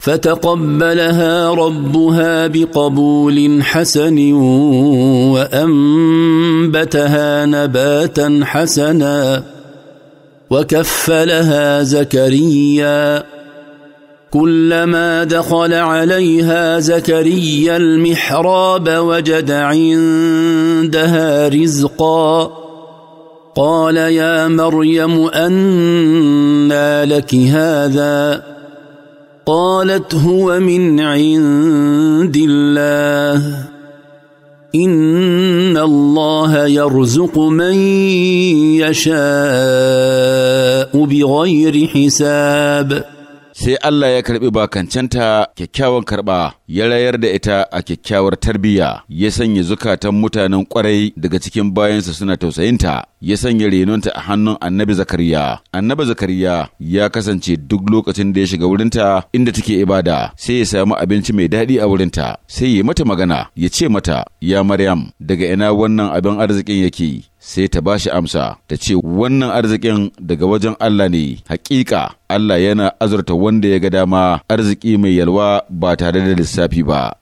فتقبلها ربها بقبول حسن وانبتها نباتا حسنا وكفلها زكريا كلما دخل عليها زكريا المحراب وجد عندها رزقا قال يا مريم انى لك هذا قالت هو من عند الله ان الله يرزق من يشاء بغير حساب sai Allah ya karɓi bakancanta kyakkyawan karɓa ya rayar da ita a kyakkyawar tarbiyya ya sanya zukatan mutanen kwarai daga cikin bayansa suna tausayinta ya sanya renonta a hannun annabi zakariya annabi zakariya ya kasance duk lokacin da ya shiga wurinta inda take ibada sai ya samu abinci mai daɗi a wurinta sai ya mata magana ya ce mata ya maryam daga ina wannan abin arzikin yake sai ta ba shi amsa ta ce wannan arzikin daga wajen Allah ne hakika Allah yana azurta wanda ya ga dama arziki mai yalwa ba tare da lissafi ba